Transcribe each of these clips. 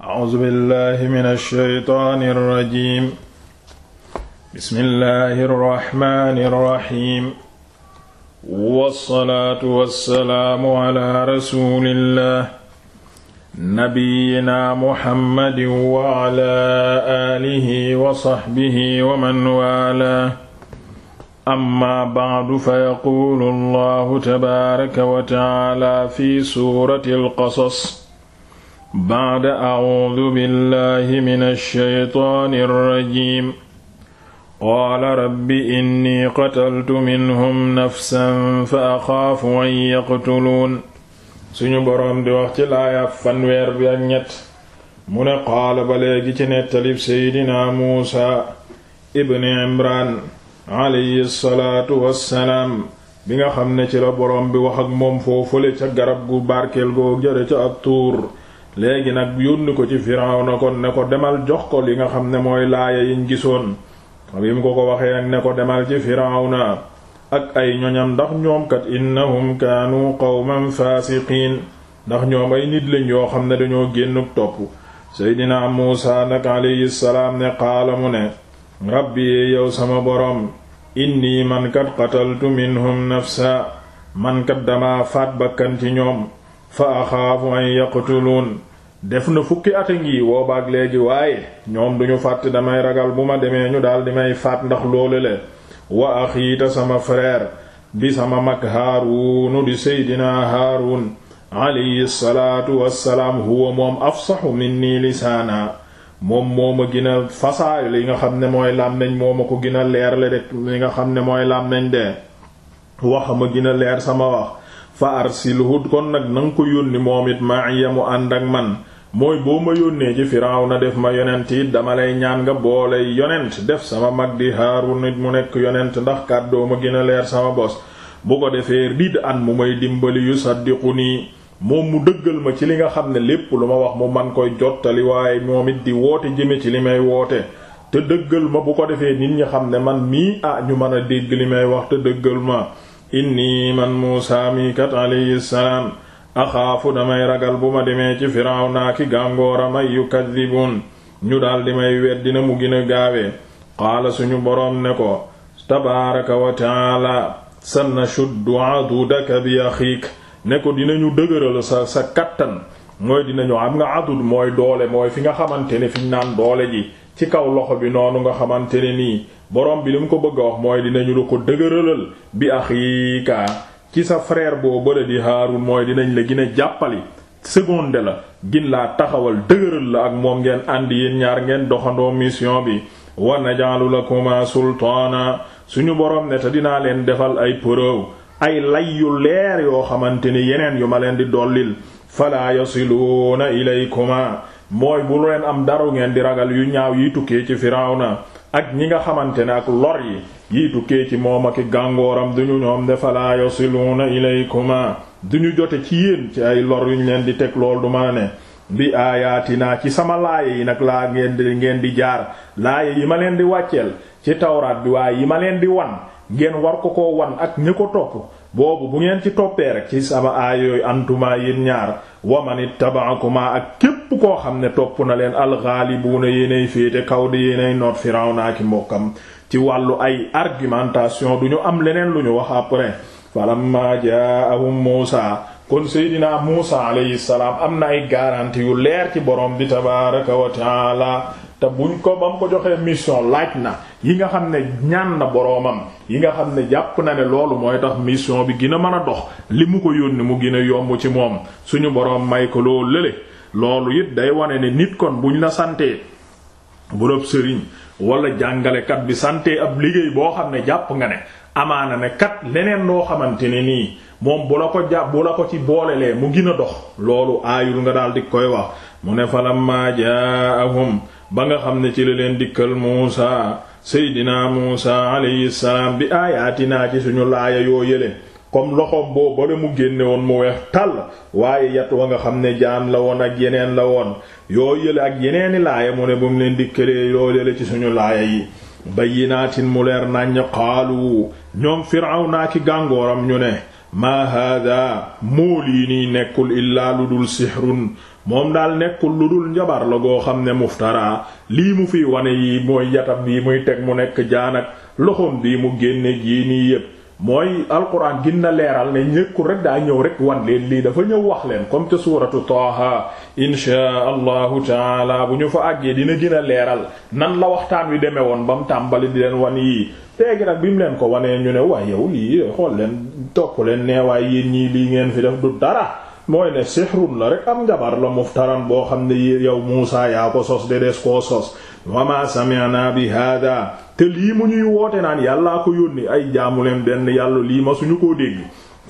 A'uuzu billahi mina shaytaani rajiim. Bismillahi rahmaani rahiim. Wassalaatu wassalaamu ala rasuulillah. Nabiyyina Muhammadin wa ala aalihi wa sahbihi wa man waalaah. Amma ba'du fayaquulu Allahu tabaaraka wa ta'aala fi suuratil qasas. bacda acuudu billahi min alsheytaani alrajim qaala rabbi inni qataltu minhum nafsan fa axaafu an yaqtuluun suñu boroom di wax ci laayab fanweer bi ak ñett mu ne qaala ba léegi ci nettalib seydina muusa ibni imraan alayhi salaatu wassalaam bi nga xam ne ci la boroom bi wax ak moom foofule ca garab gu barkeel goo jëre ca ab tuur léegi nag yónni ko ci Firawna kon ne ko demal jox ko li nga xam ne mooy laaya yiñ gisoon bi mu ko ko waxee nag ne ko demal ci Firawna ak ay ñoñam ndax ñoom kat innahum kaanu qawman faasiqiin ndax ñoom ay nit lañ yoo xam ne dañoo génnuk topp seydinaa Muusaa nag alayhi ne qaala mu ne rabbi yow sama boroom inni man kat qataltu minhum nafsa man dama faat bakkan ci ñoom fa axaafu an yaqtuluun def na fukki at a ngi woobaak léegi waaye ñoom duñu fàtt damay ragal bu ma demee ñu daal di may faat ndax loolu le wa axiita sama frère bi sama mag haaruunu di seydinaa haaruun alayhi salaatu wassalaam huwa moom afsaxu minni lisaana moom moo ma gën a fasaa li nga xam ne mooy làmmiñ moo ma ko gën a leer le li nga xam ne mooy làmmiñ de wax ma gën a leer sama wax fa arsilhu kon nag nanga ko yónni moom it ma yemu ànd ak man mooy boo ma yónnee ci na def ma yonent it dama lay ñaan nga booley yonent def sama mag di Haarun nit mu nekk yonent ndax kàddoo ma gën a leer sama bos bu ko defee riid an mu may dimbali yu saddiqu nii moom mu dëggal ma ci li nga xam ne lépp lu ma wax mu man koy jottali waaye moom it di woote jëme ci li may woote te dëggal ma bu ko defee nit ñi xam ne man mii ah ñu mën a dégg wax te dëggal inni man muusa mi kat alayhi salaam damay ragal bu ma demee ci firawna ki gàngoora may yukaddibuun ñu daldi may weddina mu gën a gaawee qaala suñu boroom ne ko tabaaraka wa taala sanashuddu adudaka bi axiik ne ko dinañu dëgëral sa sa kattan mooy dinañu am nga adud mooy doole mooy fi nga xamante ne fi ñu naan doole ji ci kaw loxo bi noonu nga xamante ne nii borom bi li mu ko bëgg a wax mooy dinañu la ko dëgëralal bi axiika ci sa frère boo bële di Haarun mooy dinañ la gën a jàppali seconde la gin laa taxawal dëgëral la ak moom ngeen ànd yéen ñaar ngeen doxandoo mission bi wa najaalu lakuma sultaana suñu borom ne te dinaa leen defal ay preuve ay lay yu leer yoo xamante ni yeneen yu ma leen di dollil falaa yasiluuna ilaykuma mooy bu leen am daru ngeen di ragal yu ñaaw yi tukkee ci na ak ñi nga xamante ne ak lor yi yi tukkee ci moom ak i gàngooram duñu ñoom de falaa yasiluuna ilaykuma duñu jote ci yéen ci ay lor yuñ leen di teg lool du mën a ne bi aayaatinaa ci sama laaya yi nag laa ngeen di ngeen di jaar laaya yi ma leen di wàcceel ci tawraat bi waaye yi ma leen di wan ngeen war ko koo wan ak ñi ko topp boobu bu ngeen ci toppee rek ci sama aay yooyu antumaa yéen ñaar wamanit tabaakumaa ak képp koo xam ne topp na leen alxaalibuuna fii féete kaw di yéenay noot Firawna ki mbokkam ci wàllu ay argumentation du ñu am leneen lu ñu wax après falammaa jaa'ahum Muusaa kon Seydina Muusaa alayhi salaam am na ay garantie yu leer ci borom bi tabaaraka wa taala te buñ ko ba mu ko joxee mission laaj na yi nga xam ne ñaan na boroomam yi nga xam ne jàpp na ne loolu mooy tax mission bi gën a mën a dox li mu ko yónni mu gën a yomb ci moom suñu boroom may ko loolu lële loolu it day wane ne nit kon bu ñu la santee burab sëriñ wala jàngalekat bi santee ab liggéey boo xam ne jàpp nga ne amaana ne kat leneen loo xamante ne nii moom bu la ko jàpp bu la ko ci boolelee mu gën a dox loolu aayul nga daal di koy wax mu ne falammaa jaahum ba nga xam ne ci la leen dikkal Muusa seydina Muusa alayhi salaam bi aayaatinaa ci suñu laaya yoo yële comme loxoom boo bale mu génne woon mu weex tàll waaye yat wa nga xam ne jaan la woon ak yeneen la woon yoo yële ak yeneeni laaya mu ne bu mu leen dikkalee yoo yële ci suñu laaya yi ba bayyinaatin mu leer naññ qaalu ñoom Firawna ki gàngooram ñu ne maa hàddaa mool yi nii nekkul illaa lu dul sihrun moom daal nekkul lu dul njabar la goo xam ne muftaraa lii mu fi wane yi mooy yatam yi muy teg mu nekk jaanak loxoom bii mu génne jii nii yépp mooy alquran ginna leeral ne ñëkkul rek daa ñëw rek wan leen lii dafa ñëw wax leen comme te suuratu taaha inshaa allahu taala bu ñu fa àggee dina gën a leeral nan la waxtaan wi demee woon ba mu tàmbali di leen wan yii léegi nag bi mu leen ko wanee ñu ne waaye yow lii xool leen topp leen neewaay yéen ñii lii ngeen fi def du dara mooy ne sihrun la rek am njabar la muftaran boo xam ne yow Muusaa yaa ko sos de des koo sos wa ma bi hada te lii mu ñuy woote naan yàllaa ko yónni ay jaamuleen benn yàlla lii ma suñu koo dégg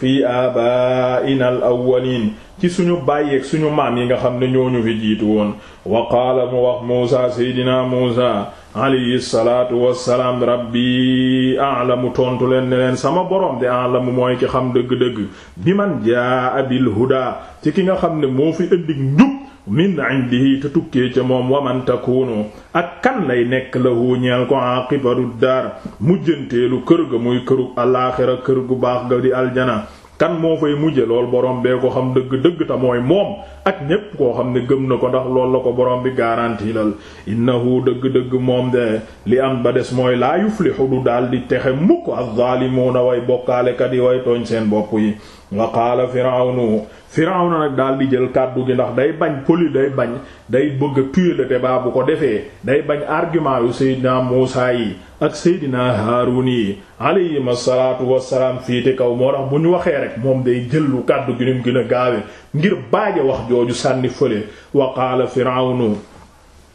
fii abaa'ina al awwaliin ci suñu bàyyeeg suñu maam yi nga xam ne ñooñu fi jiitu woon wa qaala wax Muusaa seydinaa Muusaa alayhi salaatu wassalaam rabbi a'lamu tontu leen ne leen sama borom de a'lamu mooy ki xam dëgg-dëgg bi man jaa bil huda ci ki nga xam ne moo fi indi njub min indihi te tukkee ca moom waman takunu ak kan lay nekk lahu ñeel ko aqibatu daar mujjanteelu kër ga muy këru alaaxira kër gu baax ga di aljana kan moo fay mujje lool borom bee ko xam dëgg dëgg ta mooy moom ak ñépp koo xam ne gëm na ko ndax lool la ko borom bi garantie lal innahu dëgg-dëgg moom de li am ba des mooy laa yuflihu du daal di texe mukk az-zaalimuuna way bokkaalekat yi way tooñ seen bopp yi wa qaala firawnu firawna nag daal di jël kàddu gi ndax day bañ poli day bañ day bëgg a tuer le bu ko defee day bañ argument yu sayyidina Muusaa yi ak seydinaa haarun yi alayhim asalaatu wasalaam fiite kaw moo tax bu ñu waxee rek moom day jëllu kàddu gi nim a gaawe ngir baaje wax jooju sànni fële wa qaala firawnu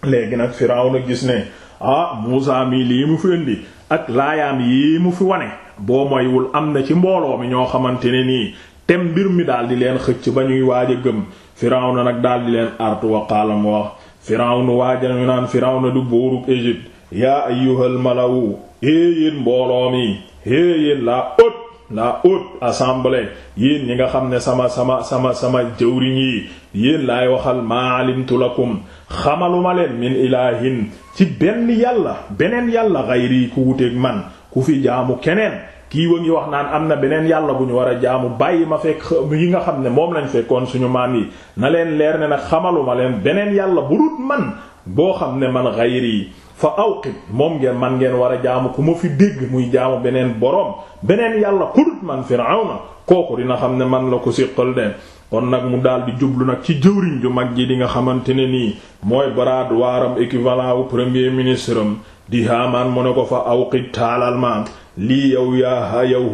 léegi nag firawnu gis ne ah Muusaa mi lii mu fendi ak laayaam yii mu fi wane boo moywul am na ci mbooloo mi ñoo xamante ne nii tem mbir mi daal di leen xëcc ba ñuy waaj a gëm firawna nag daal di leen artu wa qaala mu wax firawnu waaja ñu naan firawna du buurub Égypte yaa ayyuhal malawu hee yéen mbooloo mi hee yéen la haute la haute assemblée yéen ñi nga xam ne sama sama sama sama jëwriñ yi yéen laay waxal maa alimtu lakum xamaluma leen min ilaahin ci benn yàlla beneen yàlla xayri ku wuteeg man ku fi jaamu keneen kii wa ngi wax naan am na beneen yàlla bu ñu war a jaamu bàyyi ma fekk yi nga xam ne moom lañ fekkoon suñu maam yi na leen leer ne nag xamaluma leen beneen yàlla bu dut man boo xam ne man xayri fa awqid moom ngeen man ngeen war a jaamu ku ma fi dégg muy jaamu beneen boroom beneen yàlla xudut man firawna kooku dina xam ne man la ko siqal de kon nag mu daal di jublu nag ci jëwriñ ju mag ji di nga xamante ne nii mooy bras droit am équivalent wu premier ministre am di Haamaan mu ne ko fa awqid taalal ma lii yow yaa yow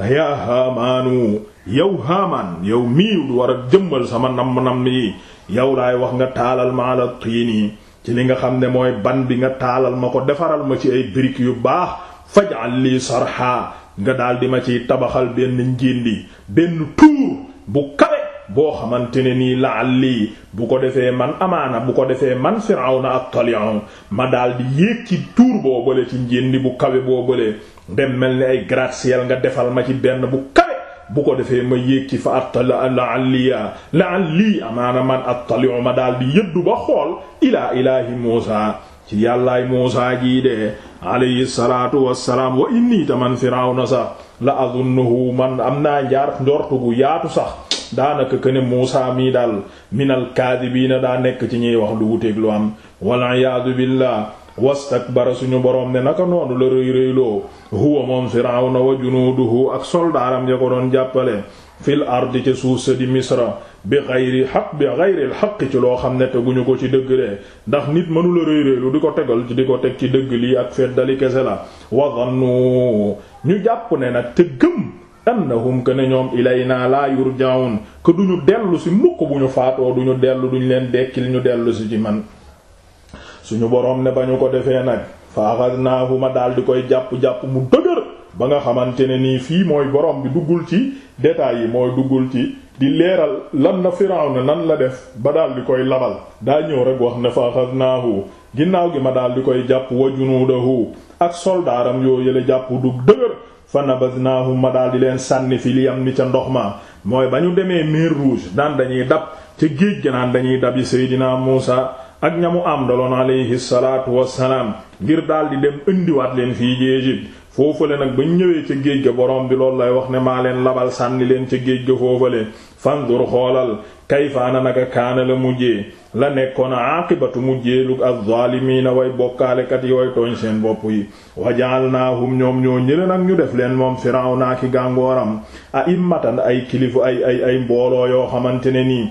yaa Haamaanu yow Haamaan yow mii war a jëmmal sama namm-namm yi yow laay wax nga taalal ma la tiini ci li nga xam ne mooy ban bi nga taalal ma ko defaral ma ci ay briques yu baax faj fajal lii sarha nga daal di ma ciy tabaxal benn njindi benn tuur bu kawe boo xamante ne nii laal lii bu ko defee man amaana bu ko defee man Firawna ak talion ma daal di yéeg ci tuur boo bële ci njindi bu kawe boo bële dem mel ni ay gratte nga defal ma ci benn bu kawe bu ko defee ma yéeg ci fa attala la laalli amaana man attaliu ma daal di yëddu ba xool ilaa ilaahi Muusa ci yàllaay Muusa jii de alayhi salaatu wassalaam wa inni taman firawna sax la a azunnuhu man am naa njaar njortu gu yaatu sax daanaka ka këne Muusa mii daal minal kaadibiina daa nekk ci ñuy wax lu wuteeg lu am wal iyaadu billah wastakbara suñu boroom ne naka noonu la rëy rëyloo huwa moom firawna wa junuuduhu ak soldaaram ya ko doon jàppale fil ardi ca suuf sa di misra bi xayri xaq bi xayril xaq ci loo xam ne teguñu ko ci dëgg de ndax nit mënula rëy rëylu di ko tegal di ko teg ci dëgg lii ak fet dali kese la wa zannu ñu jàpp ne nag te gëm annahum que ne ñoom ilayna la yurjaun que duñu dellu si mukk bu ñu faatoo duñu dellu duñu leen dekkil ñu dellu si ci man suñu boroom ne ba ñu ko defee nag faaxadnaahu ma daal di koy jàpp-jàpp mu dëgër ba nga xamante ne nii fii mooy boroom bi duggul ci détails yi mooy duggul ci di leeral lan na ne nan la def ba daal di koy labal daa ñëw rek wax ne faaxadnaahu ginnaaw gi ma daal di koy jàpp wa junuudahu ak soldaaram yoo yële jàpp du dëgër fa nabadnaahu ma daal di leen sànni fi li am ni ca ndox ma mooy ba ñu demee mer rouge daan dañuy dab ca géej ga dañuy dab yi Seydina Muusa ak ñamu àndaloon alayhi salaatu wassalaam ngir daal di dem indiwaat leen fii ji Égypte foofale nag bañ ñëwee ca géej ga borom bi loolu lay wax ne maa leen labal sànni leen ca géej ga foofale fandur xoolal kayfaana naka kaana la mujjee la nekkoon aaqibatu mujjeelug az-zaalimiina way bokkaalekat yi way tooñ seen bopp yi waja'alnaahum ñoom ñoo ñële nag ñu def leen moom firawna ki gàngooram a'immatan ay kilifu ay ay ay mbooloo yoo xamante ne nii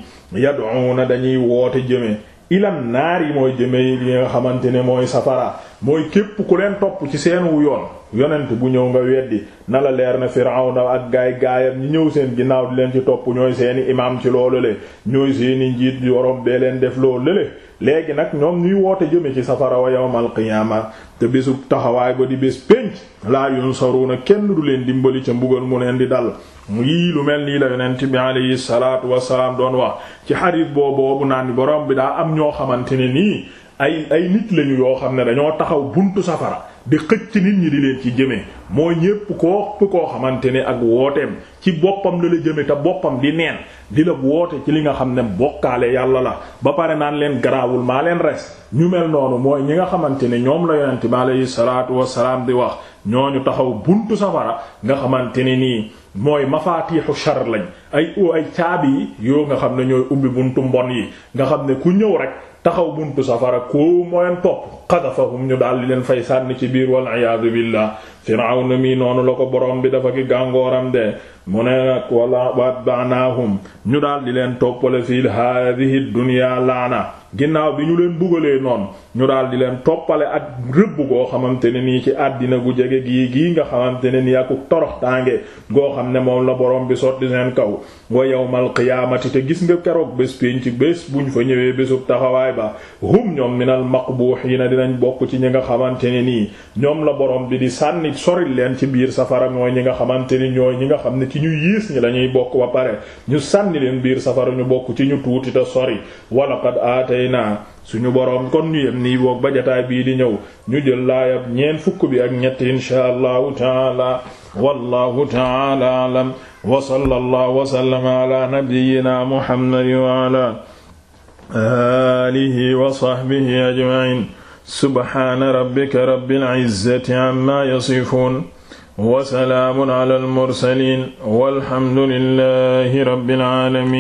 dañuy woote jëme ilan naar yi mooy jëmee li nga xamante ne mooy safara mooy képp ku leen topp ci seen wu yoon yonent bu ñëw nga weddi na la leer na Firawna ak gaay gaayam ñi ñëw seen ginnaaw di leen ci topp ñooy seeni imaam ci loolu le ñooy seeni njiit yorom bee leen def loolu le léegi nag ñoom ñuy woote jëme ci safara wa yawmal qiyaama te bésu taxawaay ba di bés pénc laa yunsaruna kenn du leen dimbali ca mbugal mu leen di dal mu lu mel nii la yonent bi alayhi salaatu salaam doon wax ci xarit boo boobu naan borom bi daa am ñoo xamante ne nii ay ay nit lañu yoo xam ne dañoo taxaw buntu safara di xëcc nit ñi di leen ci jëmee mooy ñépp koo koo xamante ne ak wooteem ci boppam la la jëme te boppam di neen di la woote ci li nga xam ne bokkaale yàlla la ba pare naan leen garaawul maa leen res ñu mel noonu mooy ñi nga xamante ne ñoom la yonente bi alayhi salaatu wassalaam di wax ñooñu taxaw buntu safara nga xamante ne nii mooy mafaatiixu shar sar ay ay caabi yi yoo nga xam ne ñooy ubbi buntu mbon yi nga xam ne ku ñëw rek taxaw buntu safara koo mooyen topp xadafahum ñu daal di leen fay sànni ci biir wal iyaadu billah firawna mi noonu la ko borom bi dafa ki gàngooram de mu ne nag wala watbaanaahum ñu daal di leen toppale fii haadihi dunya laana ginnaaw bi ñu leen buggalee noonu ñu daal di leen toppale ak rëbb goo xamante ne nii ci àddina gu jege gii gii nga xamante ne nii ak torox tànge goo xam ne moom la borom bi sot di seen kaw wa yawmal qiyaamati te gis nga keroog bés pénc ci bés buñ fa ñëwee bésub taxawaay ba hum ñoom minal maqbuuhiina dinañ bokk ci ñi nga xamante ne nii ñoom la borom bi di sànni soril leen ci biir safara mooy ñi nga xamante ni ñooy ñi nga xam ne ci ñu yiis ñi lañuy bokk ba pare ñu sànni leen biir safara ñu bokk ci ñu tuuti te sori wala aleyna suñu boroom kon ñu yem nii boog ba jotaay bii di ñëw ñu jël laayab ñeent fukk bi ak ñett inshaa allahu taala wallahu taala alam wa sallallahu wa sallama ala nabiyyina muhammadin wa ala alihi wa sahbihi ajma'in subhana rabbika rabbil izzati amma yasifun wa salaamun ala al mursalin walhamdulillahi rabbil alamin